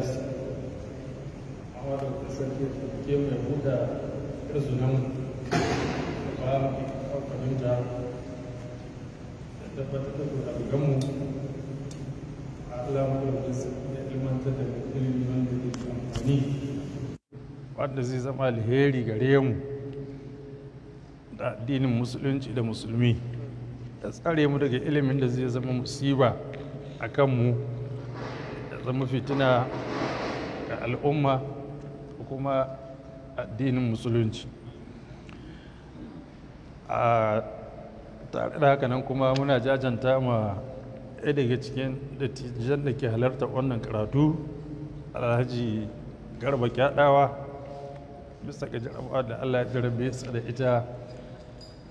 Christ amma da kasar ke mai buɗa irzunan ba a fahimta da tabbatar da kurabuganmu a alamun da ya ilmantar da ilimi wanda zai fi amfani wanda zai zama alheri gare mu da addinin musulunci da musulmi da tsare mu daga ilimin da zai zama musiba a kanmu zama fitina ga al'umma kuma addinin musulunci a tare da haka nan kuma muna jajanta ma ɗaya daga cikin dattijan da ke halarta wannan karatu alhaji garba kyaɗawa bisa ga jarabawa da allah ya jarabe da ita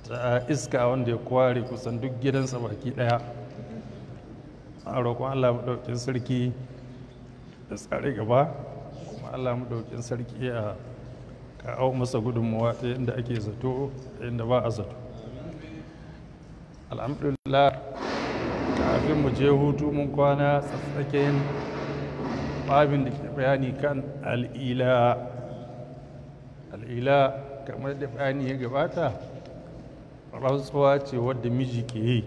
ta iska wanda ya kware kusan duk gidansa baki ɗaya a roƙon allah maɗaukin sarki da tsare gaba kuma allah mu madaukin sarki ya kawo masa gudunmuwa ta yadda ake zato ta yadda ba a zato alhamdulillah kafin mu je hutu mun kwana tsatsakin babin da ke bayani kan al'ila al'ila kamar da bayani ya gabata rantsuwa ce wadda miji ke yi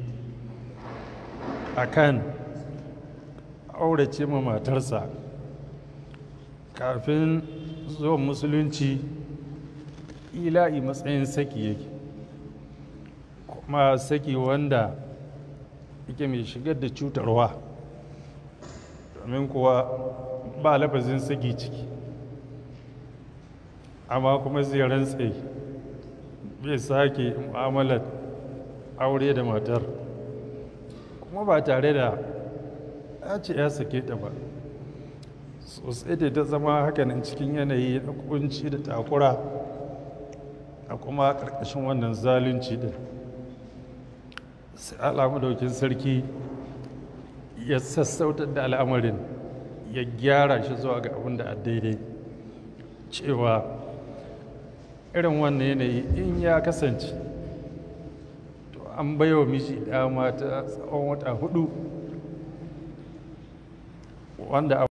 a kan aurace ma matarsa kafin zuwan musulunci ila'i matsayin saki yake kuma saki wanda yake mai shigar da cutarwa domin kuwa ba lafazin saki ciki amma kuma zai tsaye bai sake mu'amalar aure da matar kuma ba tare da ya ce ya sake ta ba sosai da ta zama hakanin cikin yanayi na kunci da takura a kuma ƙarƙashin wannan zalunci da sai alamu daukin sarki ya sassautar da al'amarin ya gyara shi zuwa ga abin da daidai cewa irin wannan yanayi in ya kasance to an baiwa miji dama ta tsawon wata hudu wanda